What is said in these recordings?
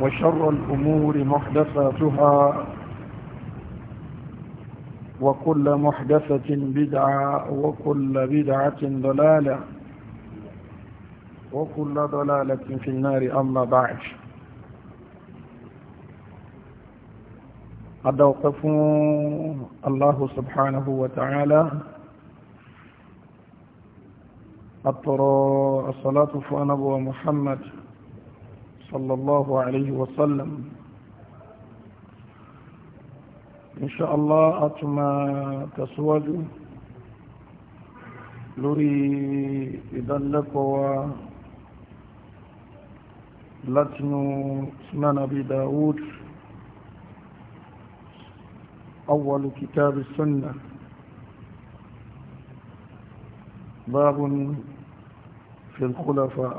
وشر الأمور محدثاتها وكل محدثة بدعة وكل بدعة ضلالة وكل ضلالة في النار أما بعد أدوقف الله سبحانه وتعالى أطر الصلاة فأنبوى محمد صلى الله عليه وسلم إن شاء الله أتما تسواج لوري إذن لتن سنن أبي داود أول كتاب السنة باب في الخلفاء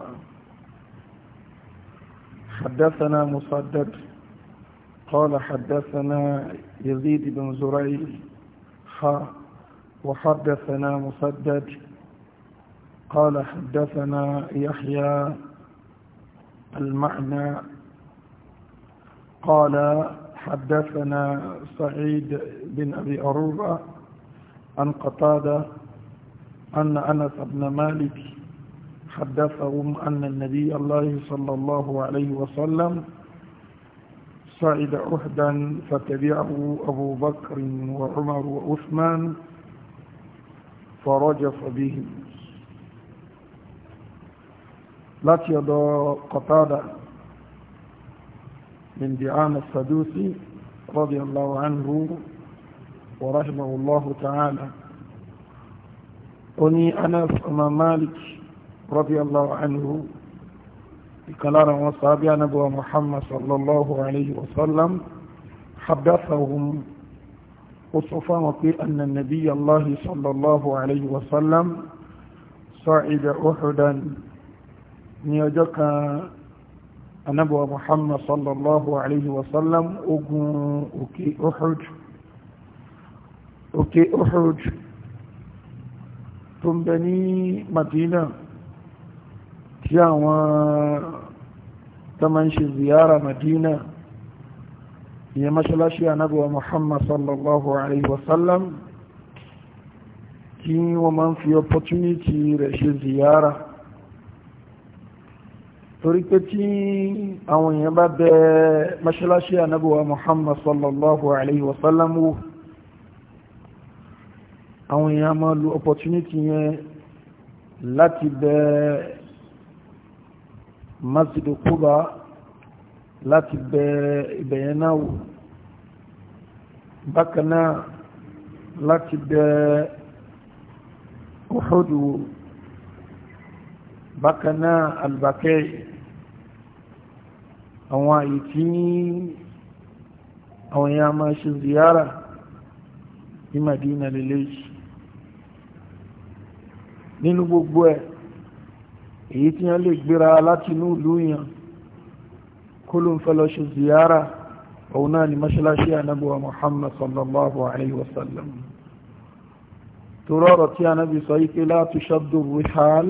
حدثنا مسدد قال حدثنا يزيد بن زريع ح وحدثنا مسدد قال حدثنا يحيى المعنى قال حدثنا سعيد بن أبي أروبة عن قتادة أن أنس بن مالك حدثهم أن النبي الله صلى الله عليه وسلم صعد أحدا فتبعه أبو بكر وعمر وعثمان فرجف بهم لا يدا قطادة من دعام السدوسي رضي الله عنه ورحمه الله تعالى أني أنس أمام مالك radiyallahu anhu ìkan lára wọn sàábí anábọ̀ muhammad sallallahu alayhi wa sallam haddathahum ó sọ fáwọn pé anna nabiyya allahi sallallahu alayhi wa sallam sa'ida uhudan ní ọjọ́ kan anábọ̀wà muhammad sallallahu alaihi wasallam ogun òkè uhud òkè uhud tó ń bẹ ní madina tí àwọn tọ́mọ̀ ń ṣe ziyara madina ìyẹn mọ́ṣálásí anábíwa muhammad sallallahu alaihi wasallam kí wọ́n máa ń fi opportunity rẹ̀ ṣe ziyara torí pé tí àwọn èèyàn bá bẹ mọ́ṣálásí anábíwa muhammad sallallahu alaihi wasallam wò àwọn èèyàn máa lo opportunity yẹn láti bẹ̀ẹ́ masjidu Quba láti bẹ̀rẹ̀ ìbẹ̀yẹn náà wò bákan náà láti bẹ̀rẹ̀ Uhud wò bákan náà albakẹ́ àwọn àyè àwọn èèyàn máa ṣe ziyara ní Madina lélẹ́yìí nínú gbogbo ẹ̀ èyí tí wọ́n lè gbéra láti inú ìlú yàn kó ló ń fẹ́ lọ ṣe ziyara òun náà ni mọ́ṣáláṣí anábíwa Muhammad sallallahu alayhi wa sallam tó rọrọ̀ tí anábí sọ yí pé láti ṣabdu rihal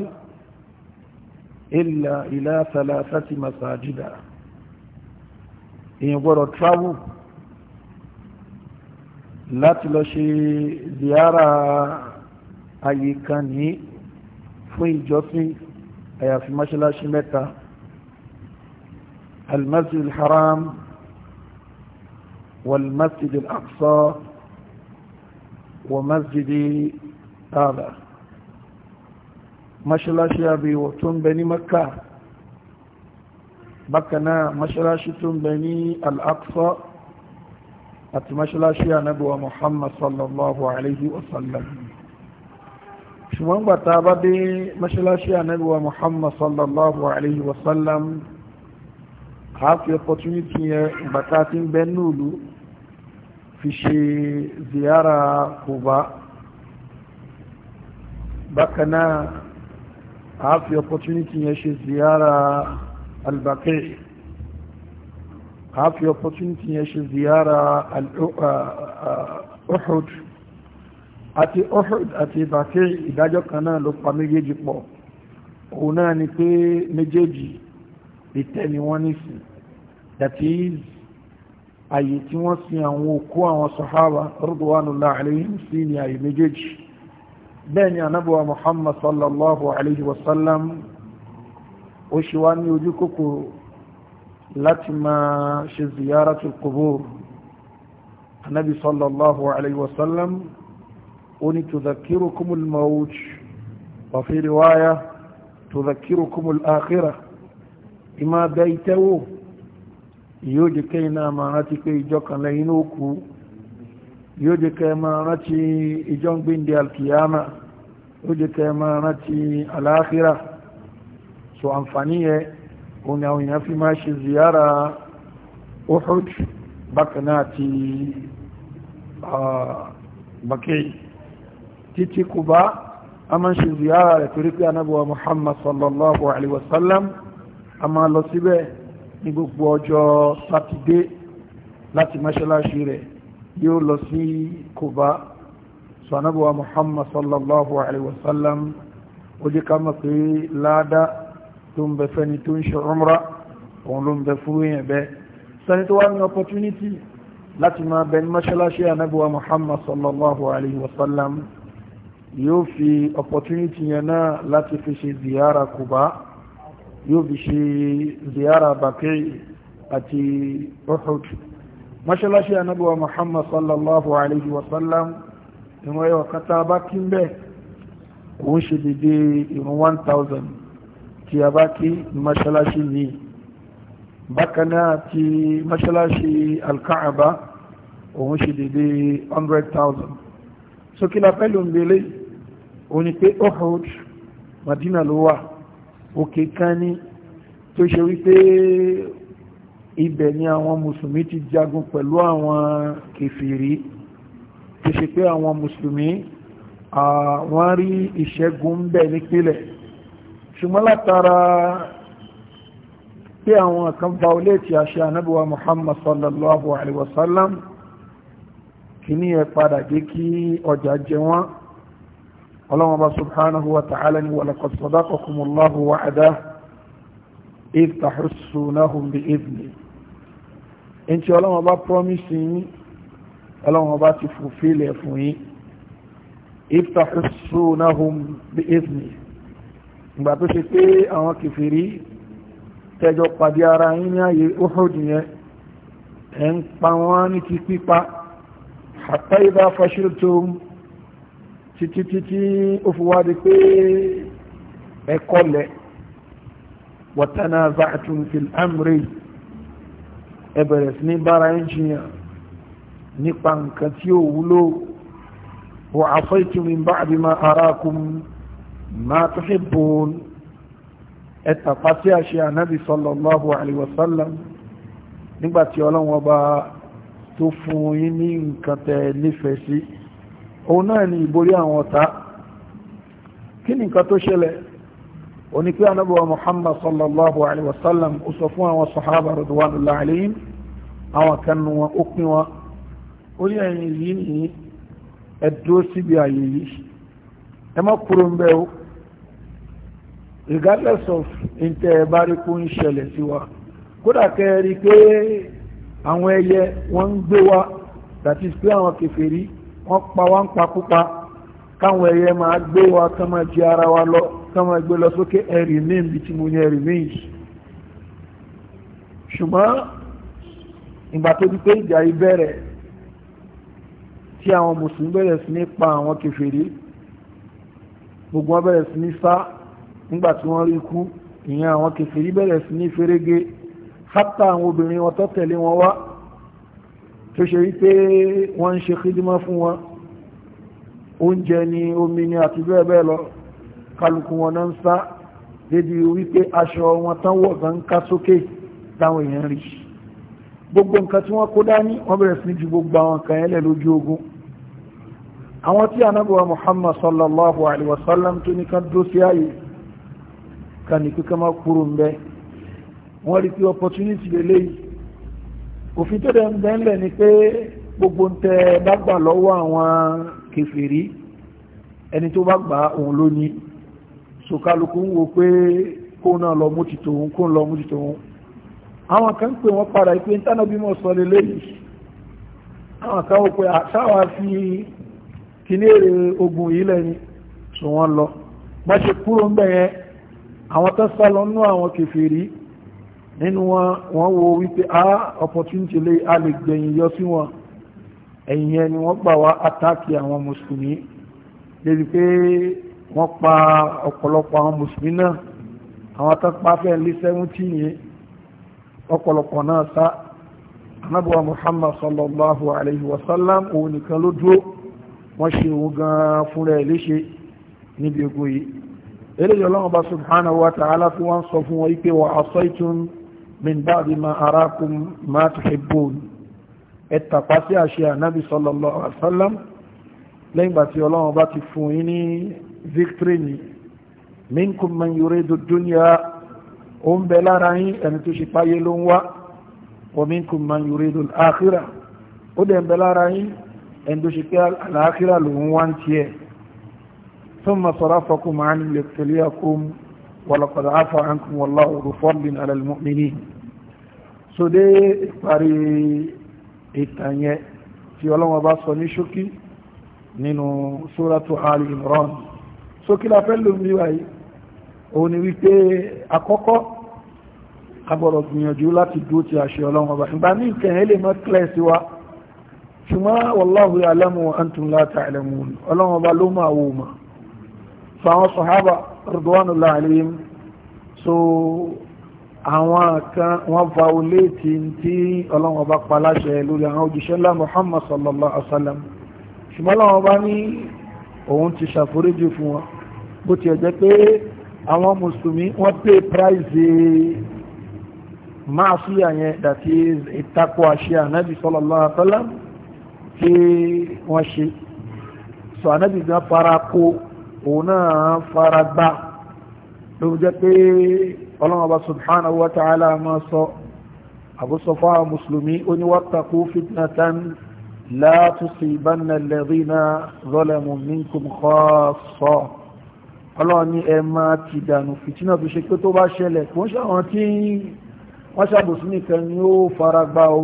illa ila thalathati masajida èyàn gbọ́dọ̀ travel láti lọ ṣe ziyara àyíká ní fún ìjọsìn أي في مجلس مكة المسجد الحرام والمسجد الأقصى ومسجد هذا مجلس أبي وتن بني مكة بكنا مجلس تن بني الأقصى أتمجلس يا نبو محمد صلى الله عليه وسلم ṣùgbọ́n gbà tá bá dé mọ́ṣáláṣí ànábíwá muhammad sallallahu alayhi wa sallam a fi opportunity yẹn gbà tá ti ń bẹ núùlù fi ṣe ziyara kuba bákan náà a fi opportunity yẹn ṣe ziyara albaqi a fi opportunity yẹn ṣe ziyara al-uhud uh, uh, àti Uhud àti bàkí ìdájọ́ kan náà ló pa méjèèjì pọ̀ òun náà ni pé méjèèjì ìtẹ́ ni wọ́n nísìn that is àyè tí wọ́n sin àwọn òkú àwọn sahaba radwanullahi alayhim sí ni àyè méjèèjì bẹ́ẹ̀ ni anábọ̀wà Muhammad sallallahu alayhi wa sallam ó ṣe wá ní ojú kòkòrò láti máa ṣe ziyaratul qubur anábì sallallahu alayhi wa sallam ó ní tudhakirukumul mawt wa fi riwaya tudhakirukumul akhirah ìmọ̀ abẹ́ ìtẹ́wò yóò jẹ́ kẹ́ iná máa rántí pé ìjọ kan lẹ́yìn ó kú yóò jẹ́ kẹ́ máa rántí ìjọ ń gbé ndí alkiyama yóò jẹ́ kẹ́ máa rántí aláàkírà so àǹfààní yẹ òun ni àwọn èèyàn fi máa ṣe ziyara Uhud bákanáà ti bàkẹ́yì títí Kùbá a máa ń ṣe ziyara rẹ̀ torí pé anábọ̀wà Muhammad sallallahu alaihi wasallam a máa lọ síbẹ̀ ní gbogbo ọjọ́ sátidé láti mọ́ṣáláṣí rẹ̀ yóò lọ sí Kùbá sọ anábọ̀wà Muhammad sallallahu alaihi wasallam ó jẹ́ ká mọ̀ pé láàdá tó ń bẹ fẹ́ni tó ń ṣe umra òun ló ń bẹ fún èèyàn bẹ́ẹ̀ sani tó wá ní opportunity láti máa bẹ ní mọ́ṣáláṣí anábọ̀wà Muhammad sallallahu alaihi wasallam yóò fi opportunity yẹn náà láti fi ṣe ziyara Kuba yóò fi ṣe ziyara Baqi àti Uhud mọ́ṣáláṣí anábíwa Muhammad sallallahu alayhi wa sallam ìwọ̀n yóò kata bá kí ń bẹ́ kò ń ṣe dédé ìrun 1000 tí a bá kí mọ́ṣáláṣí ní bákaná ti mọ́ṣáláṣí alka'aba òun ṣe dédé 100,000 so kí la pẹ́lú ń belé òní pé ohud madina ló wà òkè kan ní tó ṣe wípé ibẹ̀ ni àwọn mùsùlùmí ti jagun pẹ̀lú àwọn kèfèrí tó ṣe pé àwọn mùsùlùmí àwọn rí ìṣẹ́gun ń bẹ̀ nípìlẹ̀ ṣùgbọ́n látara pé àwọn kan violate àṣẹ ànábíwá muhammad sallallahu alaihi wasallam kì ní ẹ padà jẹ́ kí ọjà jẹ wọ́n ọlọ́wọ́n bá subhanahu wa ta'ala ni wa laqad sadaqakumullahu wa'dahu idh tahussunahum bi idhnihi in ti ọlọ́wọ́n bá promise yín ọlọ́wọ́n bá ti fulfill ẹ̀ fún yín idh tahussunahum bi idhnihi ìgbà tó ṣe pé àwọn kìfìrí tẹjọ pàdé ara yín ní ààyè Uhud yẹn ẹ̀ ń pa wọ́n ní ti pípa hatta idha fashiltum títí títí ó fi wá di pé ẹ̀kọ́ lẹ̀ wa tanaza'tum fil amri ẹ bẹ̀rẹ̀ sí ní bára ń jiyàn nípa nǹkan tí ó wúlò wa asaytum min ba'di ma arakum ma tuhibbun ẹ tàpá sí àṣẹ ànábì sallallahu alayhi wa sallam nígbà tí ọlọ́wọ́n bá tó fún yín ní nǹkan tẹ́ nífẹ̀ẹ́ òun náà ni ìborí àwọn ọ̀tá kí ni nǹkan tó ṣẹlẹ̀ òní sallallahu alaihi wasallam ó sọ fún àwọn sahaba radwanullahi alaihim àwọn kanu wọn ó pín wọn ó ní ẹ̀yìn yìí ní síbi yìí ẹ má kúrò ń o regardless of ntẹ ẹ bá rí kó ń sí wa kódà kẹ́ pé àwọn ẹyẹ ń gbé wa that is pé àwọn wọ́n pa wá ń pa púpa káwọn ẹyẹ máa gbé wa kán máa jí ara wa lọ kán máa gbé lọ sókè ẹ̀rì míì bí tí mo ní ẹ̀rì míì ṣùgbọ́n ìgbà tó di pé ìjà yìí bẹ̀rẹ̀ tí àwọn mùsùlùmí bẹ̀rẹ̀ sí ní pa àwọn kèfèrí gbogbo wọn bẹ̀rẹ̀ sí ní sá nígbà tí wọ́n rí ikú ìyẹn àwọn kèfèrí bẹ̀rẹ̀ sí ní ferege hátà àwọn obìnrin wọn tó wọn wá tó ṣe wípé wọ́n ń ṣe kídímọ́ fún wọn oúnjẹ ni omi ni àti bẹ́ẹ̀ bẹ́ẹ̀ lọ kálukú wọn náà ń sá débi wípé aṣọ wọn tán wọ̀ gan ká sókè táwọn èèyàn rí gbogbo nǹkan tí wọ́n kó dání wọ́n bẹ̀rẹ̀ sí ju gbogbo àwọn kan ẹlẹ́ lójú ogun àwọn tí anábọ̀wà Muhammad sallallahu alaihi wasallam tó ní kan dúró sí ààyè kan ní kíkọ́ máa kúrò ń bẹ́ wọ́n rí pé opportunity lélẹ́yìí òfin tó dẹ̀ ń bẹ́ńlẹ̀ ni pé gbogbo ń tẹ bá gbà lọ́wọ́ àwọn kèfèrí ẹni tó bá gbà òun ló ní sòkálùkù ń wo pé kóun náà lọ mú ti tòun kóun lọ mú ti tòun àwọn kan pè wọ́n padà ìpé ìtànàbí mọ̀ sọ lè lẹ́yìn àwọn kan ó pé àṣáwà fi kìíní èrè ogun yìí lẹ́ni tí wọ́n lọ bá ṣe kúrò ń bẹ̀yẹn àwọn tó sálọ nú àwọn kèfèrí nínú wọn wọ́n wo wípé a ah, opportunity lè a lè gbẹ̀yìn yọ sí wọn ẹ̀yìn ẹni wọ́n gbà wá àtàkì àwọn mùsùlùmí débi pé wọ́n pa ọ̀pọ̀lọpọ̀ àwọn mùsùlùmí náà àwọn atápá fẹ́ lé sẹ́wọ́ntì yẹn ọ̀pọ̀lọpọ̀ náà sá anábọ̀wá muhammad sallallahu alayhi wa sallam òun nìkan ló dúró wọ́n ṣe òun gan-an fúnra ẹ̀ léṣe níbi ogun yìí eléyìí ọlọ́run bá subhanahu wa ta'ala fi wọ́n sọ fún wọn wípé wà á ìtún min báàbí ma arákùn ma tuhibbun ẹ̀tàpá sí àṣẹ ànábì sallallahu alaihi wasallam lẹ́yìnbà tí ọlọ́run bá ti fún yín ní victory ni minkum man yuridu dunya ó ń bẹ lára yín ẹni tó ṣe páyé ló ń wá wa minkum man yuridu al-akhirah ó dẹ̀ ń bẹ lára yín ẹni tó ṣe pé al-akhirah ló ń wá ń tiẹ̀ ثم صرفكم عن ليبتليكم ولقد عفى عنكم والله ذو فضل على المؤمنين so dé parí ìtàn yẹn tí ọlọ́wọ́n bá sọ ní ṣókí nínú suratu Ali Imran ṣókí la fẹ́ lómi wáyé òun ni wípé àkọ́kọ́ agbọ́dọ̀ gbìyànjú láti dúró ti àṣẹ ọlọ́wọ́n bá ìgbà ní ìkẹyìn ẹ mọ́ kílẹ̀ wa ṣùgbọ́n wallahu ya'lamu wa antum la ta'lamun ọlọ́wọ́n bá ló máa wò mà fáwọn sọ̀hábà ridwanullahi alayhim so àwọn kan wọ́n fa olé tí tí ọlọ́wọ́n bá pa láṣẹ lórí àwọn òjíṣẹ́ ńlá Muhammad sallallahu alaihi wasallam ṣùgbọ́n láwọn bá ní òun ti ṣàforíjì fún wọn bó ti ẹ̀jẹ́ pé àwọn mùsùlùmí wọ́n pay price máa sí àyẹn that is ìtakò àṣẹ ànábì sallallahu alaihi wasallam tí wọ́n ṣe so ànábì gan fara kó òun náà fara gbá ló jẹ́ pé ọlọ́run ọba subhanahu wa ta'ala máa sọ àbúsọ̀fọ́ àwọn mùsùlùmí ó ní wattaqu fitnatan la tusibanna alladhina zalamu minkum khassa ọlọ́run ní ẹ máa ti dànù fìtínà tó ṣe pé tó bá ṣẹlẹ̀ kò ń ṣàwọn tí wọ́n ṣàbòsí nìkan ni ó fara gbá o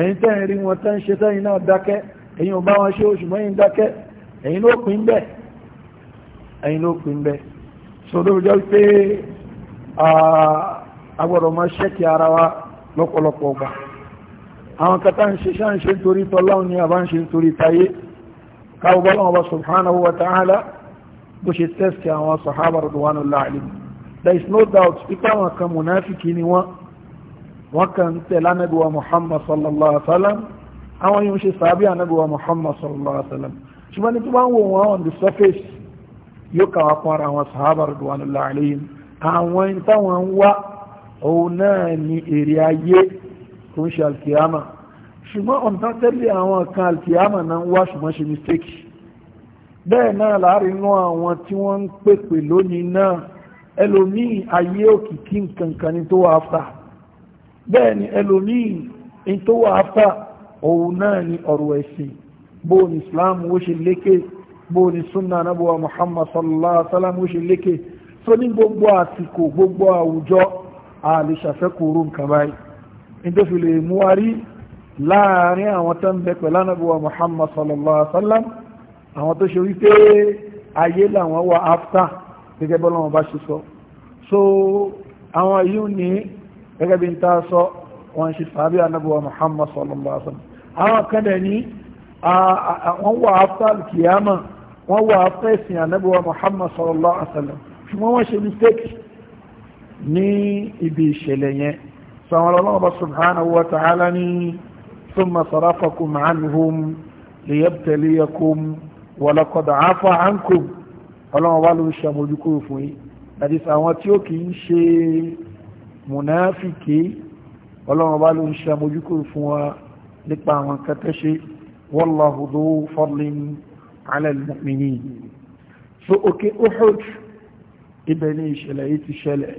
ẹ̀yin tẹ́yìn rí wọn tẹ́ ṣe tẹ́yìn náà dákẹ́ ẹ̀yin ò bá wọn ṣe oṣù mẹ́yìn dákẹ́ ẹ̀yin ló pín bẹ́ẹ̀ ẹ̀yin ló pín bẹ́ẹ̀ sọdọ́ pé agbọ́dọ̀ máa ṣẹ́kì ara wa lọ́pọ̀lọpọ̀ ọgbà àwọn kata ń ṣe ṣáà nítorí tọ́láwọn ni àbá ń ṣe nítorí táyé káwọ́ there is no doubt ipa wọn kan munafiki ni wọn wọn kan tẹ̀lé anabiwa muhammad sallallahu alaihi wa sallam àwọn yóò ṣe sàábí anabiwa muhammad sallallahu alaihi wa sallam ṣùgbọ́n ní wọn on the surface yóò kàwá kún ara àwọn sahaba radwanullahi alayhim àwọn táwọn ń wá òun náà ni èrè ayé tó ń ṣe alkiyama ṣùgbọ́n ọ̀ntátẹ́lẹ̀ àwọn kan alkiyama náà ń wá ṣùgbọ́n ṣe mistake bẹ́ẹ̀ náà láàrin náà àwọn tí wọ́n ń pèpè lónìí náà ẹlòmíì ayé òkìkí nkankan ni tó wà áfà bẹ́ẹ̀ ni ẹlòmíì in tó wà áfà òun náà ni ọ̀rọ̀ ẹ̀sìn bóò Islam ó ṣe lékè bóò sunna anábọ̀wá Muhammad sallallahu alaihi wa sallam ó ṣe lékè tó ní gbogbo àsìkò gbogbo àwùjọ àlè ṣàfẹ́kù orú nǹkan báyìí nítorí fi lè mú wa rí àwọn tó ń bẹ pẹ̀lú anábíwá Muhammad sallallahu alaihi wa sallam àwọn tó ṣe wípé ayé làwọn wà áfítà gẹ́gẹ́ bọ́lá wọn bá ṣe sọ so àwọn yìí ní gẹ́gẹ́ bí n ta sọ wọn ṣe sàábí anábíwá Muhammad sallallahu alaihi wa sallam àwọn kan dẹ̀ ní wọ́n wà áfítà kìyàmà wọ́n wà áfítà ìsìn anábíwá Muhammad sallallahu alaihi wa sallam ṣùgbọ́n wọ́n ṣe mistake ní ibi ìṣẹ̀lẹ̀ yẹn sọ àwọn ọlọ́wọ́ subhanahu wa ta'ala ní thumma sarafakum anhum liyabtaliyakum wa laqad afa ankum ọlọ́wọ́ wà ló ń ṣàmójúkúrò fún so òkè Uhud ibẹ̀ ni ìṣẹ̀lẹ̀ yìí ti ṣẹlẹ̀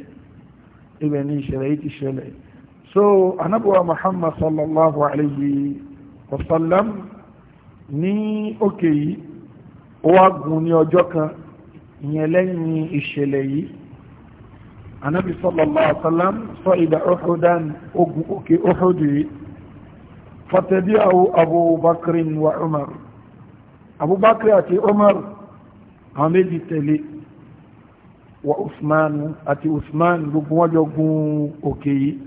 ibẹ̀ ni ìṣẹ̀lẹ̀ yìí ti ṣẹlẹ̀ so anábọ̀wà muhammad sallallahu alayhi wa sallam ní òkè yìí ó wá gùn ní ọjọ́ kan ìyẹn lẹ́yìn ìṣẹ̀lẹ̀ yìí anábì sallallahu alayhi wa sallam sọ ìdá uhudan ogun òkè uhudu yìí fatabi'ahu abubakar wa umar abubakar àti umar àwọn méjì tẹ̀lé wa usman àti usman gbogbo wọn jọ gun òkè yìí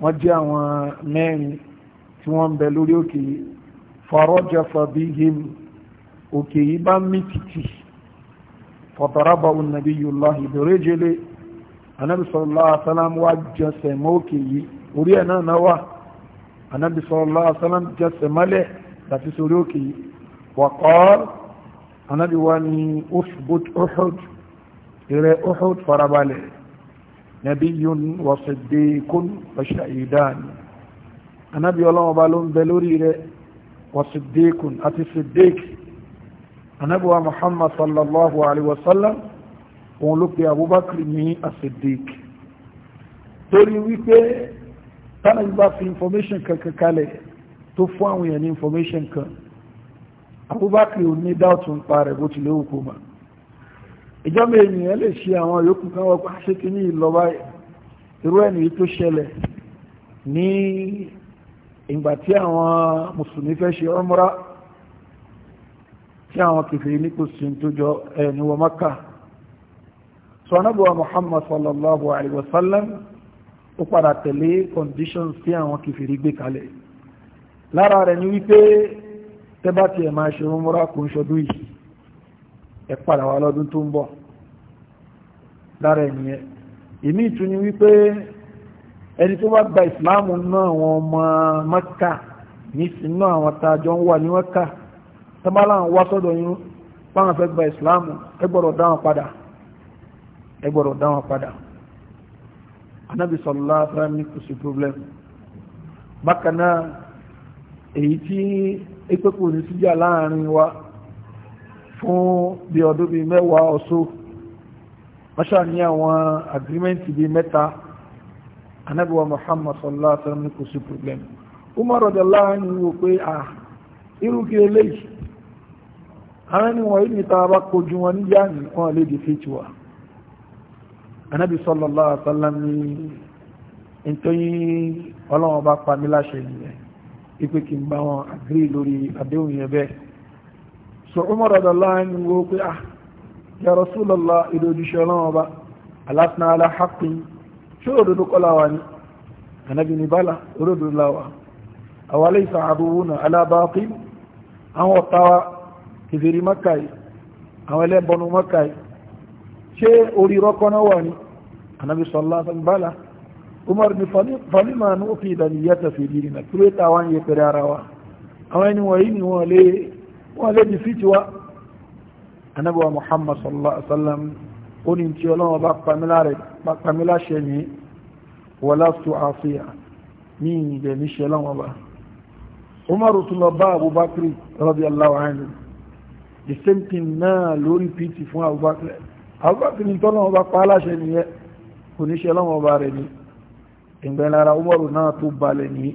wọ́n jẹ́ àwọn mẹ́rin tí wọ́n ń bẹ lórí òkè yìí farọ́jà fàbíhìm òkè yìí bá mí títì fọ̀tàràbà ònàbí yùlá ìdòrèjele anábì sallallahu alaihi wasallam wá jẹsẹ̀ mọ́ òkè yìí orí ẹ̀ náà náà wà anábì sallallahu alaihi wasallam jẹsẹ̀ láti sórí òkè yìí wà kọ́ anábì ní oṣù bó ìrẹ́ uhud farabalẹ̀ nabiyyun wa siddiqun wa shahidan anábì ọlọ́wọ́ bá ló ń bẹ lórí rẹ̀ wa siddiqun àti siddiq anábì wa muhammad sallallahu alaihi wasallam òun ló pe abubakar ní asiddiq torí wípé tánàbí bá fi information kankan kalẹ̀ tó fún àwọn èèyàn ní information kan abubakar ò ní dáùtù pa rẹ̀ bó tilẹ̀ òkú máa ìjọba ènìyàn lè ṣe àwọn yòókù kan wọ́pọ̀ ṣékí ní ìlọ́wà irú ẹni tó ṣẹlẹ̀ ní ìgbà tí àwọn mùsùlùmí fẹ́ ṣe ọmọra tí àwọn kèfèrí ní sí tó jọ ẹni wọ maka sọ́nàbọ̀ Muhammad sallallahu alaihi wasallam ó padà tẹ̀lé conditions tí àwọn kèfèrí gbé kalẹ̀ lára rẹ̀ ni wípé tẹ́bàtì ẹ̀ máa ṣe ọmọra kò ń ṣọdún yìí ẹ padà wá lọ́dún tó ń bọ̀ lára ẹ̀nìyẹn ìmí ìtún ni wípé ẹni tó bá gba ìsìláàmù náà wọn ọmọ mẹ́ka ní sínú àwọn tààjọ ń wà ní mẹ́ka tọ́bálà ń wá sọ́dọ̀ yín páwọn fẹ́ gba ìsìláàmù ẹ gbọ́dọ̀ dá wọn padà ẹ gbọ́dọ̀ dá wọn padà anábì sọ̀lá fẹ́ ní kò sí problem bákan náà èyí tí ẹgbẹ́ kò ní síjà láàrin wa fún bí ọdún bíi mẹ́wàá ọ̀sọ́ mọ́ṣà ní àwọn agreement bíi mẹ́ta anábíwá Muhammad sallallahu alaihi wasallam kò sí problem Umar radiyallahu anhu wò pé à irú kí eléyìí àwọn ẹni wọ̀nyí ní ta bá kojú wọn níyà ní wọn lè di fèjì wa anábí sallallahu alaihi wasallam ní nítorí ọlọ́wọ́n bá pa mí láṣẹ nìyẹn ipe kí n bá wọn agree lórí àdéhùn yẹn bẹ́ẹ̀ so umar radallahu anhu wo pé ah ya rasulallah ìdòjúṣe ọlọ́wọ́ bá alasna ala haqqin ṣé òdodo kọ́lá wa ni anabi ni bala òdodo la wa àwọn aláìsàn àbúrúnà ala batil àwọn ọ̀tá wa kìfìrí makai àwọn ẹlẹ́bọnú makai ṣé orí rọ́kọ́ná wà ní anabi sallallahu alaihi wasallam bala umar ni falima ní ó fi ìdàníyàtà fi dìrìnà kúrẹ́ta wa ń yẹ pẹ̀rẹ̀ ara wa àwọn ẹni wọ̀nyí ni wọ́n lé wọ́n lè di fíìtì wa ànábì wa muhammad sallallahu alaihi wa sallam ó ní tí ọlọ́wọ́ bá pamílá ṣe ní wọlá tó àfihà ní ìgbẹ̀ ní ṣe lọ́wọ́ bá umaru tún lọ bá abubakar radiyallahu anhu the same thing náà lórí pt fún abubakar abubakar ní tọ́lọ́wọ́ bá pa aláṣẹ nìyẹn kò ní ṣe lọ́wọ́ bá rẹ̀ ní ìgbẹ̀ umaru náà tó balẹ̀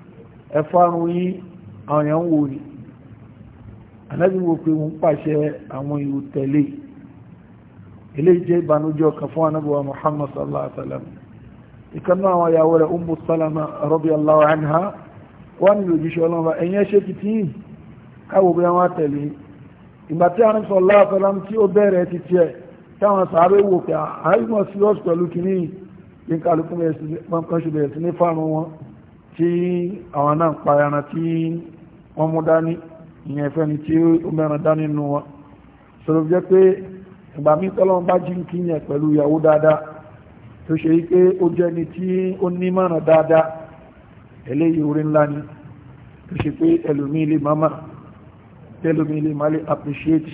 ẹ̀fọ́run yí àwọn èèyàn wò rí anábì wo pé wọ́n pàṣẹ àwọn ìwò tẹ̀lé ilé jẹ́ ìbànújẹ́ ọkàn fún anábìwa Muhammad sallallahu alaihi wa sallam àwọn ìyàwó rẹ̀ Ummu Salama radiyallahu anha wọ́n ní òjíṣẹ́ ọlọ́mọba ẹ̀yìn ẹ̀ṣẹ́ kìtì káwò bí wọ́n tẹ̀lé ìgbà tí àwọn tí ó bẹ̀rẹ̀ ti a táwọn sàárẹ̀ wò pé àìmọ̀ sí ọ̀sùn pẹ̀lú bẹ̀rẹ̀ sí ní wọn tí àwọn náà pa ẹran tí wọ́n mú dání ìyẹn ẹ̀fẹ́ ni tí ó mẹ́ran dání nínú wọn sọ̀rọ̀ jẹ́ pé ìgbà mí tọ́lọ́run bá jí ń kí yẹn pẹ̀lú ìyàwó dáadáa tó ṣe wípé ó jẹ́ ni tí ó ní mọ̀ràn dáadáa eléyìí orí ńlá ni tó ṣe pé ẹlòmíì lè máa máa appreciate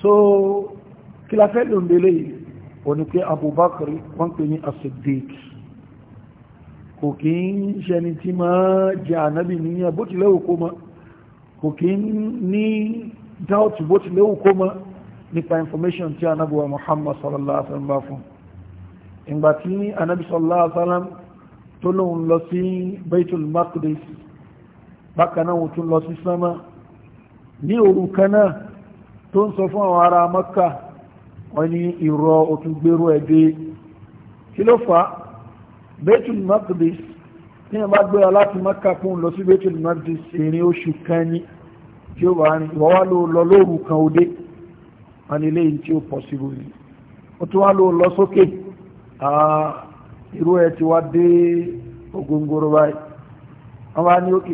so kí la fẹ́ lòun délé yìí òní pé Abubakar wọ́n pè ní as kò kí ń ṣẹni tí máa jẹ ànábì níyàn bó tilẹ̀ òkó mọ́ kò kí ń ní doubt bó tilẹ̀ nípa information tí ànábì wa Muhammad sallallahu alaihi wasallam bá fún ìgbà tí ànábì sallallahu alaihi wasallam tó lóun lọ sí Baitul Maqdis bákan náà tún lọ sí sánmà ní òru kan tó ń sọ fún àwọn ará Mẹ́kà wọ́n ìrọ̀ òtún gbèrú ẹ̀dẹ́ kí ló fà Baitul Maqdis ní ẹ̀bá gbéra láti Mẹ́kà fún lọ sí Baitul Maqdis ìrìn oṣù kan tí ó wà ní ìwọ́wá ló lọ kan òde wọn tí ó pọ̀ sí ìrù tún wá ló lọ sókè irú ẹ̀ ti wá dé ògóngóró báyìí wọn bá ní òkè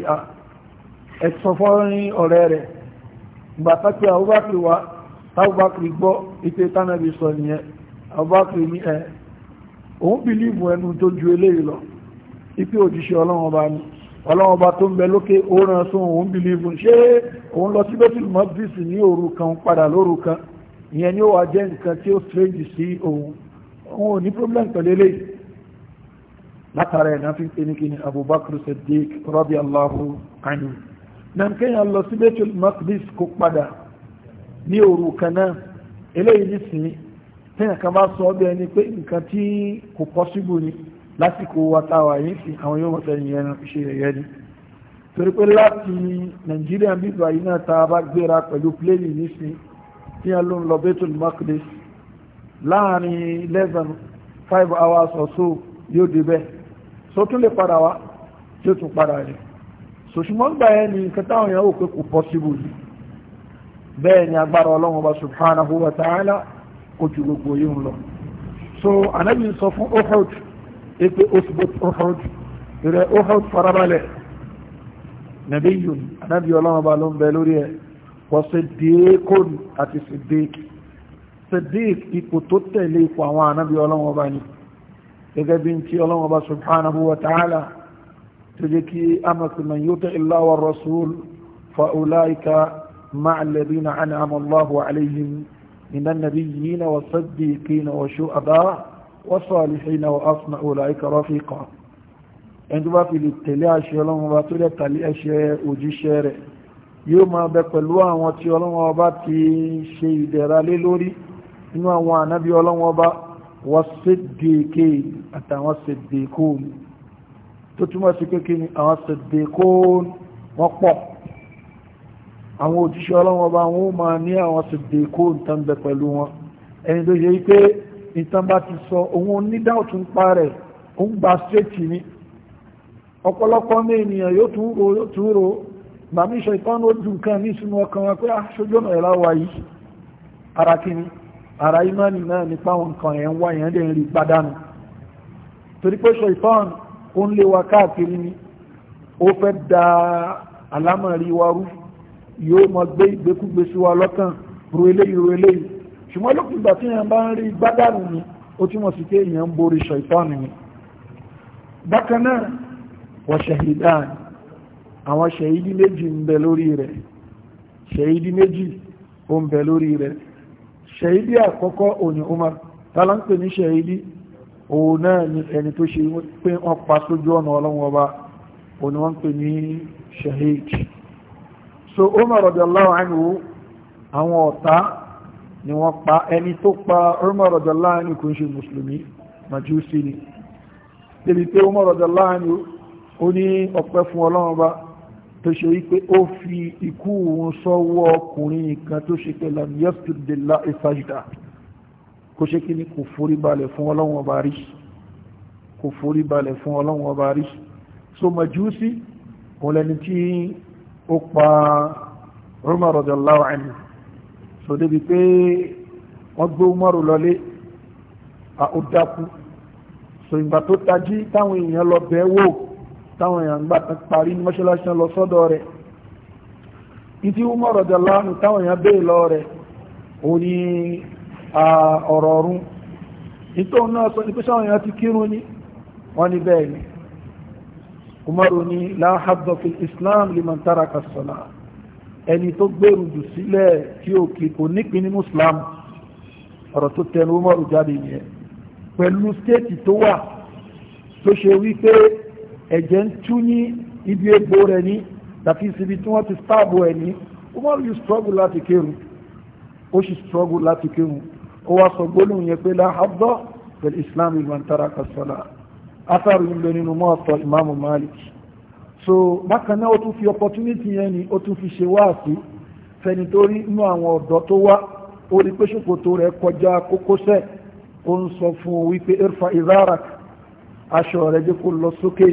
ẹ̀sọ́ fọ́rin ọ̀rẹ́ rẹ̀ òun bìlíìfù ẹnu tó ju eléyìí lọ ipe òjíṣẹ́ ọlọ́run ọba ni ọlọ́run ọba tó ń bẹ lókè oòrùn sún òun bìlíìfù ṣé òun lọ sí bẹ́tìlì mọ́bíìsì ní òru kan padà lóru kan ìyẹn ni ó wà jẹ́ nǹkan tí ó strange sí òun òun ò ní problem pẹ̀lú eléyìí látara ẹ̀ náà fi ń pe ní kíni Abubakar Siddiq rabi allahu anhu na kéèyàn lọ sí bẹ́tìlì mọ́bíìsì kó padà ní òru kan náà eléyìí nísìnyí tẹ́yìn kan bá sọ ọ́bẹ̀ ẹni pé nǹkan tí kò pọ́síbù ni lásìkò wàtàwà yìí sí àwọn yóò mọ̀tẹ́ ìyẹn ṣe ẹ̀yẹ ni torí pé láti nàìjíríà bíbá yìí náà ta bá gbéra pẹ̀lú pléènì nísìn tí a ló ń lọ Baitul Maqdis láàrin eleven five hours or so yóò débẹ̀ so tún lè padà wá tí ó tún padà rẹ̀ sòṣùmọ́ gbà ẹ́ ni nǹkan táwọn èèyàn ò pé kò pọ́síbù ni bẹ́ẹ̀ ni agbára ọlọ́run ọba subhanahu wa ta'ala ó ju gbogbo yìí ń lọ so anabi sọ fún ohud epe osbot ohud rẹ ohud farabalẹ̀ nàbí yun anabi ọlọ́mọba ló ń bẹ lórí ẹ̀ wọ́n sẹ́dẹ́ẹ́kọ́n àti sẹ́dẹ́ẹ́kì sadiq ipò tó tẹ̀lé ipò àwọn ànábí ọlọ́wọ́ bá ní bí n tí ọlọ́wọ́ bá subhanahu wa ta'ala tó kí amakunan yóò tẹ́ illawa rasul fa'ulaika ma'alladina an'ama Allahu alaihim من النبيين والصديقين والشهداء والصالحين وأصنع أولئك رفيقا ẹni tó bá fi lè tẹ̀lé àṣẹ ọlọ́run ọba tó lè tàlé ẹṣẹ òjíṣẹ́ rẹ̀ yóò máa bẹ pẹ̀lú àwọn tí ọlọ́run ọba ti ṣe ìdẹ̀ra lé lórí nínú àwọn ànábí ọlọ́run ọba wọ́n sédèké àtàwọn sédèkóòn tó túmọ̀ sí kékeré àwọn sédèkóòn wọ́n pọ̀ àwọn òjíṣẹ́ ọlọ́wọ́ bá wọn ó máa ní àwọn ṣèdè kó nǹkan bẹ pẹ̀lú wọn ẹni tó ṣe wípé nǹkan bá ti sọ òun onídàótún pa rẹ̀ ó ń gba straight ni ọ̀pọ̀lọpọ̀ ní ènìyàn yóò tún ro yóò tún ro gbàmí ìṣọ̀ ìtọ́nà ojú nǹkan ní ìsinú ọkàn wọn pé aṣojú ah, ọ̀nà ẹ̀rá wa yìí ara kìíní ara imani náà nípa àwọn nǹkan ẹ̀ ń wá yẹn dẹ̀ rí gbádánù torí pé ṣọ ìtọ́n ó ń lé wa káàkiri ni ó fẹ́ da alámọ̀rí wa rú yóò mọ gbé ìgbékúgbé sí wa lọ́kàn ruo eléyìí ruo eléyìí ṣùgbọ́n lókùn ìgbà tí èèyàn bá ń rí gbádàrú ni ó túmọ̀ sí pé èèyàn ń borí ṣàìtánì ni bákan náà wọ́n ṣẹ̀hídán àwọn ṣẹ̀hídí méjì ń bẹ lórí rẹ̀ ṣẹ̀hídí méjì ó ń bẹ lórí rẹ̀ ṣẹ̀hídí àkọ́kọ́ òní Umar tálá ní òun náà ni ẹni tó ṣe ọ̀nà ọlọ́run ọba wọ́n so Umar radiyallahu anhu àwọn ọ̀tá ni wọ́n pa ẹni tó pa Umar radiyallahu anhu kò ń ṣe mùsùlùmí màjúsí ni débi pé Umar radiyallahu anhu ó ní ọpẹ́ fún Ọlọ́run bá tó ṣe wípé ó fi ikú òun sọ́wọ́ ọkùnrin kan tó ṣe pé lam yasjud lillahi sajda kó ṣe kí ni kò forí balẹ̀ fún Ọlọ́run ọba rí kò forí balẹ̀ fún Ọlọ́run ọba so màjúsí òun lẹni tí ó pa Umar radiyallahu anhu so débi pé wọ́n gbé Umar lọlé ó dákú so ìgbà tó tají táwọn èèyàn lọ bẹ́ẹ̀ wò táwọn èèyàn gbà tán parí ní mọ́ṣáláṣí lọ sọ́dọ̀ rẹ̀ ìtí Umar radiyallahu anhu táwọn èèyàn bẹ́ẹ̀ lọ rẹ̀ ni ọ̀rọ̀ ọ̀run ìtòun náà umaru ni la habda fil islam liman taraka as-salah ẹni tó gbèrú jù sílẹ̀ tí ó kì kò nípin ní muslim ọ̀rọ̀ tó tẹnu umaru jáde yẹn pẹ̀lú stéètì tó wà tó ṣe wípé ẹ̀jẹ̀ ń tú ní ibi egbò rẹ̀ ní tàbí síbi tí wọ́n ti stáàbù ẹ̀ ní umaru yìí struggle láti kírun ó sì struggle láti kírun ó wá sọ gbólóhùn yẹn pé la habda fil islam liman taraka as-salah afẹ́rù ń lọ nínú mọ́ọ̀tọ̀ ìmáàmù Malik so bákan náà ó tún fi opportunity yẹn ni ó tún fi ṣe wáàsí fẹni tó rí inú àwọn ọ̀dọ́ tó wá ó rí pé ṣòkòtò rẹ̀ kọjá kókósẹ̀ ó ń sọ fún wípé irfa izarak aṣọ rẹ̀ jẹ́ kó lọ sókè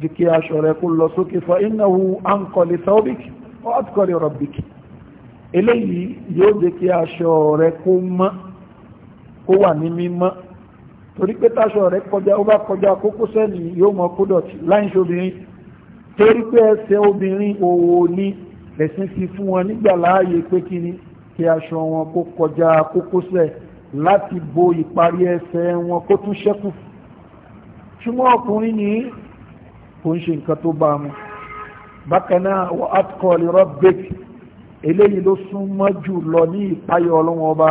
jẹ́ kí aṣọ rẹ̀ kó lọ sókè fa innahu ankọlì saubik ó àtìkọlì rọ̀bìk eléyìí yóò jẹ́ kí aṣọ rẹ̀ kó mọ́ kó wà ní mímọ́ torí pé táṣọ rẹ̀ kọjá ó bá kọjá kókósẹ̀ ní yóò mọ kó dọ̀tí obìnrin torí pé ẹsẹ̀ obìnrin òwò ní ẹ̀sìn fi fún wọn nígbà láàyè pé kí ni kí aṣọ wọn kó kọjá kókósẹ̀ láti bo ìparí ẹsẹ̀ wọn kó tún ṣẹ́kù ṣùgbọ́n ọkùnrin ní kò ń ṣe nǹkan tó bá mu bákan náà wà á kọ́ lè bẹ́ẹ̀kì eléyìí ló súnmọ́ jù lọ ní ìpáyọ̀ ọlọ́wọ́n ọba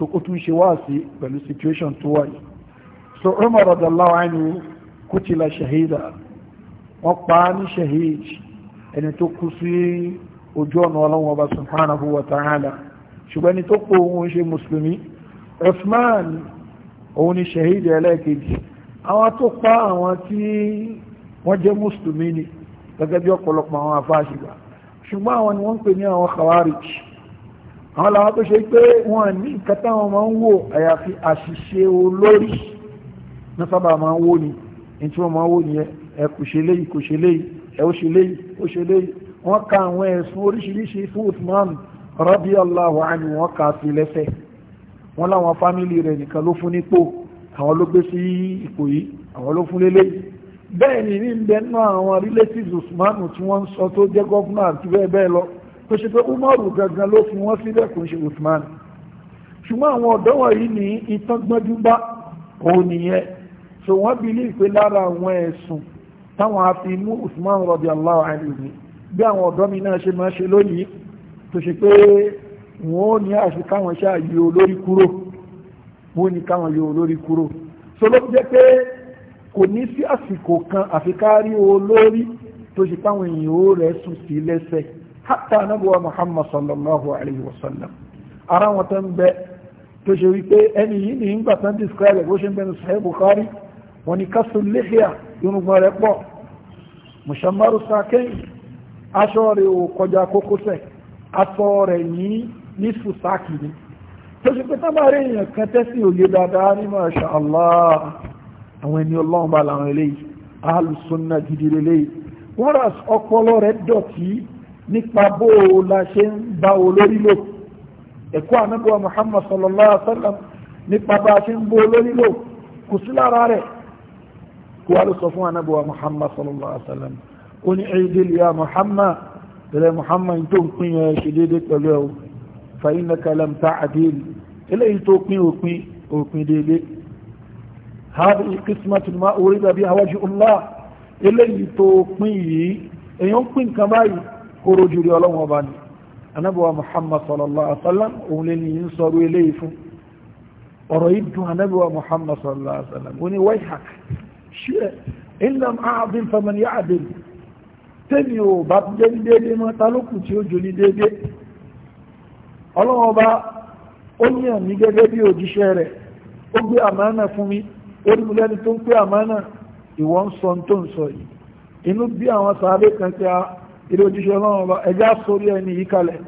so ó tún ṣe wáàsí pẹ̀lú situation tó wáyé so Umar radallahu anhu kutila shahida wọ́n pa á ní shahid ẹni tó kú sí ojú ọ̀nà ọlọ́wọ́n ọba subhanahu wa ta'ala ṣùgbọ́n ẹni tó kú òun ṣe mùsùlùmí Uthman òun ni shahid ẹlẹ́ẹ̀kejì àwọn tó pa àwọn tí wọ́n jẹ́ mùsùlùmí ni gẹ́gẹ́ bí ọ̀pọ̀lọpọ̀ àwọn afáṣìgbà ṣùgbọ́n àwọn ni wọ́n pè ní àwọn khawarij àwọn làwọn tó ṣe pé wọ́n ní nǹkan táwọn máa ń wò àyàfi àṣìṣe olórí ní sábà máa ń wò ní ẹni tí wọ́n máa ń wò ní ẹ kò ṣe léyìí kò ṣe léyìí ẹ ó ṣe léyìí ó ṣe léyìí wọ́n ka àwọn ẹ̀sùn oríṣiríṣi fún Uthman radiyallahu anhu wọ́n kà á sí lẹ́sẹ̀ wọ́n láwọn fámìlì rẹ̀ nìkan ló fún nípò àwọn ló gbé sí ipò yìí àwọn ló fún lélẹ̀ bẹ́ẹ̀ ní bẹ́ẹ̀ náà àwọn relatives Uthman tí wọ́n ń sọ tó jẹ́ gọ́fúnà àti bẹ́ẹ̀ bẹ́ẹ̀ lọ tó ṣe pé umaru gangan ló fi wọ́n sílẹ̀ kò ń ṣe usman ṣùgbọ́n àwọn ọ̀dọ́ wọ̀nyí ní ìtàn gbọ́njúbá òun nìyẹn so wọ́n bìlí pé lára àwọn ẹ̀sùn táwọn afi mú usman radiyallahu anhu bí àwọn ọ̀dọ́ mi náà ṣe máa ṣe lónìí tó ṣe pé wọ́n ó ní àṣì káwọn ṣáà yí olórí kúrò wọ́n ní káwọn yí olórí kúrò so ló jẹ́ pé kò ní sí àsìkò kan àfikárí olórí tó ṣe táwọn èèyàn ó rẹ̀ sùn sí lẹ́sẹ̀ẹ́ hátà anábùwà muhammad sallallahu alayhi wa sallam ara wọn tó ń bẹ tó ṣe wípé ẹni yìí ní ìgbà tán describe bó ṣe ń bẹnu sahih bukhari wọn ni kásùn lẹ́hìá irungbọn rẹ̀ pọ̀ musammaru sakẹ́yìn aṣọ rẹ̀ ò kọjá kókósẹ̀ aṣọ rẹ̀ ní ní sùsáàkì ni tó ṣe pé tábà rí èèyàn kan tẹ́sí òye dáadáa ní masha allah àwọn ẹni ọlọ́run bá làwọn eléyìí ahlus sunna gidi lélẹ́yìí wọ́n rà ọpọlọ rẹ̀ dọ̀tí nípa bó o la ṣe ń bá olórí lò ẹ̀kọ́ ànábọ̀ Muhammad sallallahu alaihi wa sallam nípa bá a ṣe ń bó olórí lò kò sí lára rẹ̀ kó wá ló sọ fún ànábọ̀ Muhammad sallallahu alaihi wa sallam ó ní ẹ̀yìn ya Muhammad tẹ̀lé Muhammad tó ń pín yẹn ṣe déédéé pẹ̀lú ẹ̀ o fa innaka lam ta'dil eléyìí tó pín òpin òpin déédéé هذه القسمة ما أريد بها وجه الله إليه توقني أيوم كن كماي kó rojú rí ọlọ́wọ́n ọba ni anábọ̀wá muhammad sallallahu alaihi wa sallam òun lè ní ń sọ̀rọ̀ eléyìí fún ọ̀rọ̀ yìí dùn anábọ̀wá muhammad sallallahu alaihi wa sallam ó ní wayhak ṣí ẹ ìlàm ààbìn faman ya'dil tẹ́mi ò bá jẹ́ ní déédéé mọ́ ta ló kù tí ó jò ní déédéé ọlọ́wọ́n ọba ó ní àmì gẹ́gẹ́ bí òjíṣẹ́ rẹ̀ ó gbé àmánà fún mi ó rí lẹ́ni tó ń pé àmánà ìwọ sọ tó ń sọ yìí inú bí àwọn sàábé kan pé ilé ojúṣe ọlọ́run ọba ẹjá sórí ẹni yìí kalẹ̀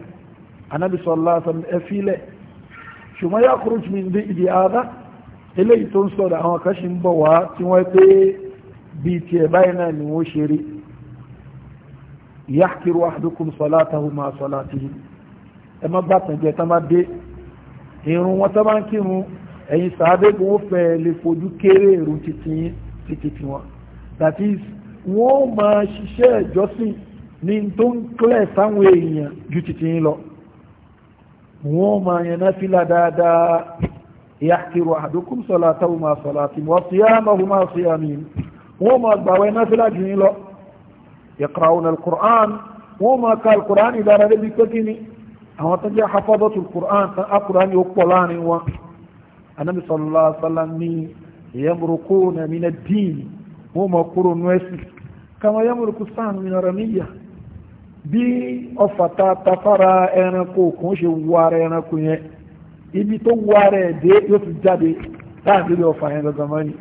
anábì sallallahu alaihi wasallam ẹfí lẹ̀ ṣùgbọ́n yá kúrò jù mí ní ìdí ara eléyìí tó ń sọ̀rọ̀ àwọn kan ṣì ń bọ̀ wá tí wọ́n pé bíi tiẹ̀ báyìí náà ni wọ́n ṣe rí yahkiru ahadukum salatahu ma salatihi ẹ má bá tàn tá má dé irun wọn tá má ń kírun ẹ̀yin sàádégun ó fẹ́ lè fojú kéré irun titi titi that is wọ́n máa ṣiṣẹ́ ìjọsìn ní tó ń kílẹ̀ sáwọn èèyàn ju títí ń lọ wọ́n máa yẹn náà fílà dáadáa yàtìrò àdókùn sọ̀làtàwò máa sọ̀làtì wọ́n fi yá máa máa fi àmì wọ́n máa gbàwẹ̀ náà fílà jù ń lọ yàkàràwọn alukur'an wọ́n máa ka alukur'an ìdára débi pé kí ni àwọn tó jẹ́ hafadọ́tù alukur'an tán alukur'an yóò pọ̀ láàrin wọn anabi sallallahu alaihi wasallam ni yamurukuna min ad wọ́n máa kúrò nú ẹ̀sìn kama yamurukú sáà nínú rẹ̀ níyà bí ọfà ta tafara ẹranko kún ṣe wọ ara ẹranko yẹn ibi tó wọ ara ẹ̀ dé yóò fi jáde láàrin lórí ọfà yẹn gangan mọ́ ni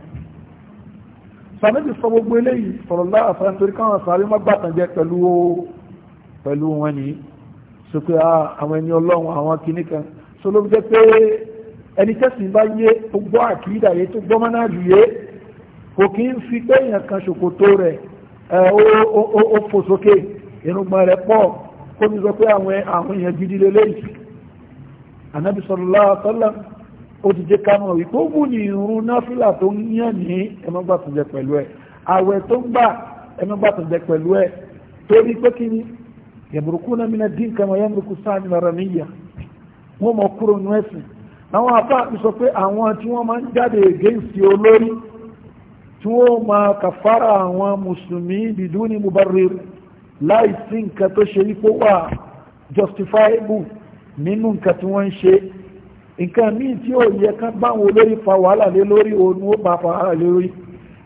sàmẹ́bí sọ gbogbo eléyìí sọ̀rọ̀ láàfẹ́ nítorí káwọn sàárẹ́ má gbàtàn jẹ́ pẹ̀lú pẹ̀lú wọn ni so pé ah, àwọn ẹni ọlọ́run àwọn kìíní kan so ló jẹ́ pé ẹni tẹ́sìn bá yé tó gbọ́ àkìídà yé tó gbọ́ mọ́nà jù yé kò kí ń fi pé èèyàn kan ṣòkòtò rẹ̀ ó fò sókè irùngbọ̀n rẹ̀ pọ̀ kó mi sọ pé àwọn àwọn èèyàn gidi lélẹ́yìí ànábì sallallahu alaihi wasallam ó ti jẹ́ ká mọ̀ wípé ó mú ní irun náfìlà tó ń yàn ní ẹmọ́gbà tó jẹ pẹ̀lú ẹ̀ àwẹ̀ tó ń gbà ẹmọ́gbà tó jẹ pẹ̀lú ẹ̀ torí pé kí ni yamrukuna mina din kama yamruku sáàmì ramiya wọ́n mọ̀ kúrò nú ẹ̀sìn àwọn afá mi sọ pé àwọn tí wọ́n máa ń jáde against olórí tí wọ́n máa kàfàrà àwọn mùsùlùmí biduni mubarrir láì sí nǹkan tó ṣe wípó wà justifiable nínú nǹkan tí wọ́n ń ṣe nǹkan míì tí ó yẹ kán báwọn olórí fa wàhálà lé lórí òun ó bá wàhálà lé lórí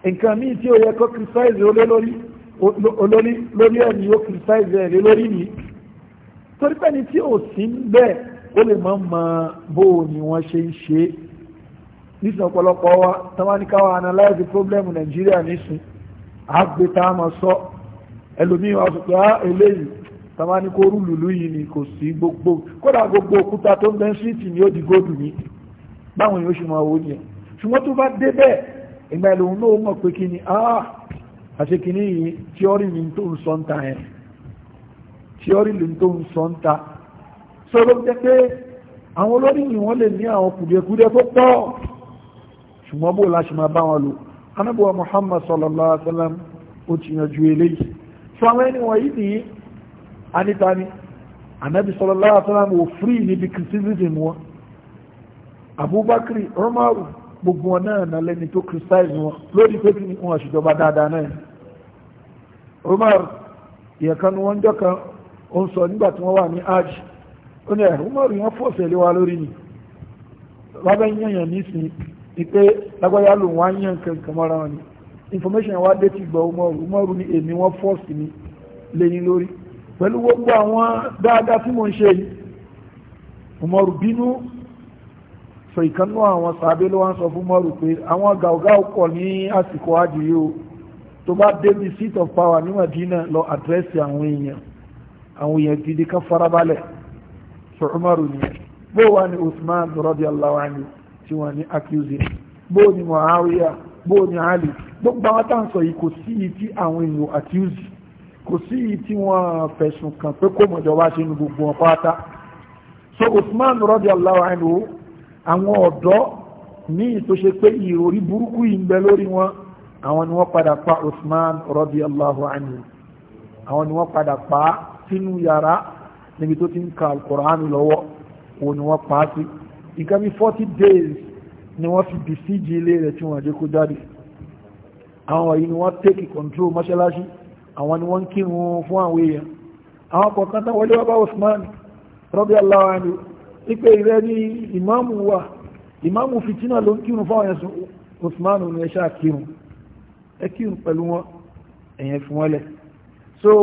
nǹkan míì tí ó yẹ kán criticize olé lórí olórí lórí ẹ̀ ni ó criticize ẹ̀ lé lórí ni torí pẹ́ni tí ò sí ń bẹ́ẹ̀ ó lè mọ́ mọ bó ni wọ́n ṣe ń ṣe é ọ̀pọ̀lọpọ̀ wa tán wá ní káwọn analyze the problem Nàìjíríà nísìn àgbẹ̀ta àmọ́ sọ so ẹlòmí wa sọ pé á ah, eléyìí tàbá ní kó rúlùlú yìí ni kò sí gbogbo kódà gbogbo òkúta tó ń bẹ́ síìtì ni ó di góòdù ní báwọn yóò ṣe máa wò ní ẹ̀ ṣùgbọ́n tó bá dé bẹ́ẹ̀ ìgbà ìlòun náà mọ̀ pé kí ni ah àṣẹ kìíní yìí tíọ́rì ni tó ń sọ ń ta ẹ̀ tíọ́rì ni tó ń sọ ń ta sọ jẹ́ pé àwọn olórí ni wọ́n lè ní àwọn kùdìẹ̀kùdìẹ̀ tó pọ̀ ṣùgbọ́n bó la ṣe máa bá wọn lò anábọ̀ Muhammad sallallahu alaihi wasallam ó ti yanjú eléyìí so àwọn ẹni wọ̀nyí nìyí anítani anabi sallallahu alaihi wasallam wò firi níbi criticism wọn abubakar umaru gbogbo wọn náà nà lẹni tó criticize wọn lórí pé kí wọn àṣìjọba dáadáa náà umaru ìyẹ̀kan wọn jọka kan sọ nígbà tí wà ní aj eh, yẹn lé wa lórí ni nísìnyí information wa dé ti gbọ́ umaru umaru ni èmi wọ́n force mi lẹ́yìn lórí pẹ̀lú gbogbo àwọn dáadáa tí mo ń ṣe yìí umaru bínú sọ ìkanú àwọn sàábé ló wá ń sọ fún umaru pé àwọn gàùgà ọkọ̀ ní àsìkò adìyẹ o tó bá débi seat of power ní madina lọ address àwọn èèyàn àwọn èèyàn gidi kan farabalẹ̀ sọ umaru ni bó wà ní usman radiyallahu ni tí wọ́n ní accusing bó ní muawiya bó ní àálì gbogbo àwọn tá à ń sọ yìí kò sí iye tí àwọn èèyàn àti ùzì kò sí iye tí wọ́n fẹ̀sùn kàn pé kó mọ̀jọba ṣe nu gbogbo wọn pátá so Usman radiyallahu anhu àwọn ọ̀dọ́ míì tó ṣe pé ìròrí burúkú yìí ń bẹ lórí wọn àwọn ni wọ́n padà pa Usman radiyallahu anhu àwọn ni wọ́n padà pa sínú yàrá níbi tó ti ń ka al-Qur'an lọ́wọ́ òun ni wọ́n pa á sí ìkàmí forty days ni wọ́n fi bìsíjì ilé rẹ̀ tí wọ́n àjẹ́ kó jáde àwọn wọ̀nyí ni wọ́n tẹ́kì control mọ́ṣáláṣí àwọn ni wọ́n kírun fún àwọn èèyàn àwọn kọ̀ọ̀kan wọlé wọ́n bá Usman radiyallahu anhu ipe rẹ̀ ní ìmáàmù wà ìmáàmù fìtínà ló ń kírun Usman ní ẹ̀ṣà kírun ẹ kírun so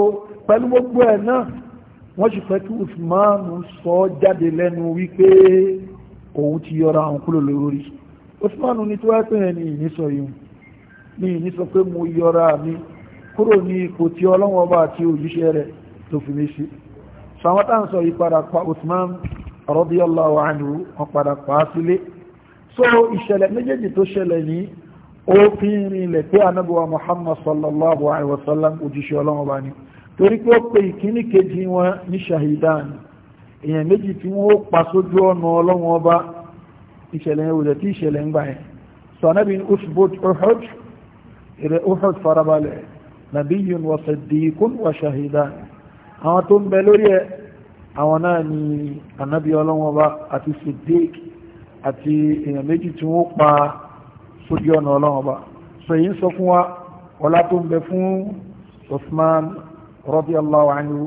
pẹ̀lú gbogbo ẹ̀ náà Usman sọ jáde lẹ́nu wípé òun ti yọra àwọn kúrò lórí osmanu ní tí wá pé ẹni ìnísọ yìí ní ìnísọ pé mo yọra mi kúrò ní ipò tí ọlọ́wọ́ bá àti òjíṣẹ́ rẹ̀ tó fi mí sí sàwọn tá ń sọ yìí padà pa osman radiyallahu anhu wọn padà pa á sílé so ìṣẹ̀lẹ̀ méjèèjì tó ṣẹlẹ̀ ní òfin ilẹ̀ pé anábíwá muhammad sallallahu alaihi wasallam òjíṣẹ́ ọlọ́wọ́ bá ní torí pé ó pe ìkíní kejì wọn ní shahidan èèyàn méjì tí wọ́n ó pa sójú ọ̀nà ọlọ́wọ́ bá ìṣẹ̀lẹ̀ yẹn wùdẹ̀ tí ìṣẹ̀lẹ̀ ń gbà yẹn so anábì ní usbut uhud ìrẹ̀ uhud farabalẹ̀ nabiyyun wa siddiqun wa shahidan àwọn tó ń bẹ lórí ẹ àwọn náà ni anábì ọlọ́wọ́n bá àti siddiq àti èèyàn méjì tí wọ́n pa sójú ọ̀nà ọlọ́wọ́n so èyí ń sọ fún wa ọlá tó ń bẹ fún usman radiyallahu anhu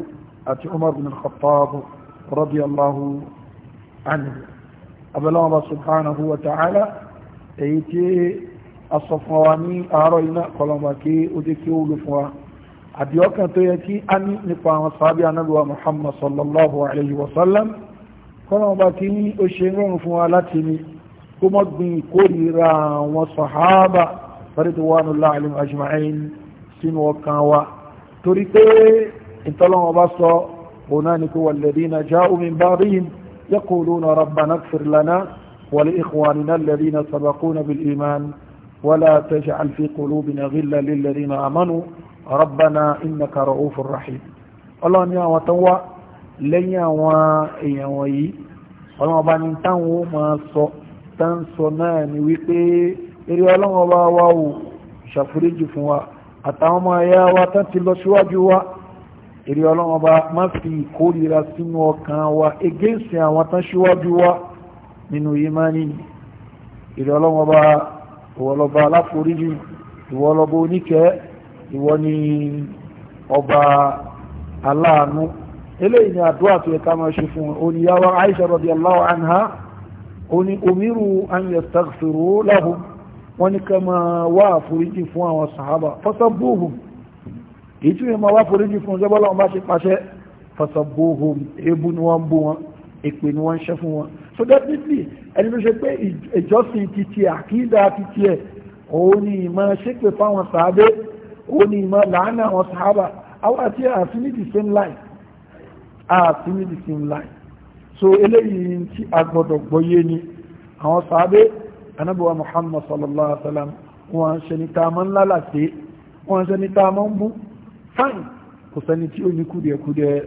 àti umar bin al-khattab radiyallahu anhu abẹ́lẹ́wọ̀n bá subhanahu wa ta'ala èyí tí a sọ fún wa ní àárọ̀ iná kọlọ̀mà kí ó jẹ́ kí ó wúlò fún wa àdíọ́kàn tó yẹ kí a ní nípa àwọn sàábí anábíwa muhammad sallallahu alayhi wa sallam kọlọ̀mà kí ó ṣe rọrùn fún wa láti ní kó mọ́ gbin ìkórìíra àwọn sàhábà faridwanullahi alayhim ajma'in sínú ọkàn wa torí pé ìtọ́lọ́wọ́n bá sọ òun náà ni kó walladhina ja'u min ba'dihim يقولون ربنا اغفر لنا ولإخواننا الذين سبقونا بالإيمان ولا تجعل في قلوبنا غلا للذين آمنوا ربنا إنك رؤوف رحيم الله يا وتوا لن يوا يوي الله بان تنو ما سو تنسو ناني ويبي إري الله وباواو شفريج فوا أتاوما يا واتن تلو شواجوا èrè ọlọ́run ọba má fi ìkórira sínú ọkàn wa egéǹsì àwọn tán síwájú wa nínú ìmánì èrè ọlọ́run ọba ìwọlọ́ba aláforíjì ìwọlọ́ba oníkẹ́ ni ọba aláàánú eléyìí ni àdúrà tó yẹ máa ṣe fún un ya wa Aisha anha ó ní umiru an yastaghfiru lahum wọ́n ní ká máa wá àforíjì fún àwọn sàhábà èyí tí wọ́n wá foríjì fún ọjọ́bọ́lá wọn bá ṣe pàṣẹ fasabuhum ebu ni wọ́n bú wọn èpè ni wọ́n ṣẹ́ fún wọn so definitely ẹni ló ṣe pé ìjọsìn titi àkídà titi ẹ̀ òun ni ìmọ̀ ṣépè fáwọn sàábé òun ni ìmọ̀ làánà àwọn sàábà àwọn àti àti ní same line àti same line so eléyìí tí a gbọ́dọ̀ gbọ́yé ni àwọn sàábé anábọ̀wá muhammad sallallahu alaihi wa sallam wọ́n ṣe ní ta mọ́ ńlá làṣẹ wọ́n ṣe ní ta mọ́ ń bú fáìn kò sẹ́ni tí ó ní kúdẹ̀kúdẹ̀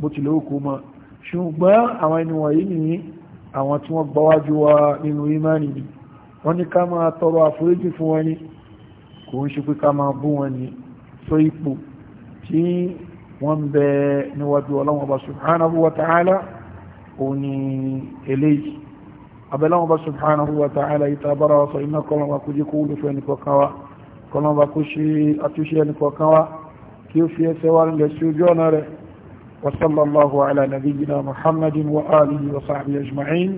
bó tilẹ̀ ó kó mọ́ ṣùgbọ́n àwọn ẹni wọ̀nyí ni àwọn tí wọ́n gbáwájú wa nínú imani ni wọ́n ní ká máa tọrọ àforíjì fún wọn ni kò ń ṣe pé ká máa bú wọn ni sọ ipò tí wọ́n bẹ níwájú ọlọ́wọ́n bá òun ni eléyìí abẹ́láwọn كيفية ó fi ẹsẹ̀ وصلى الله على نبينا محمد وآله وصحبه أجمعين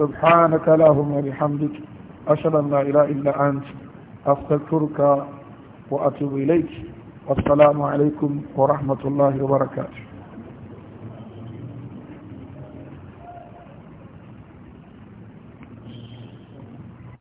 سبحانك اللهم وبحمدك أشهد أن لا إله إلا أنت أستغفرك وأتوب إليك والسلام عليكم ورحمة الله وبركاته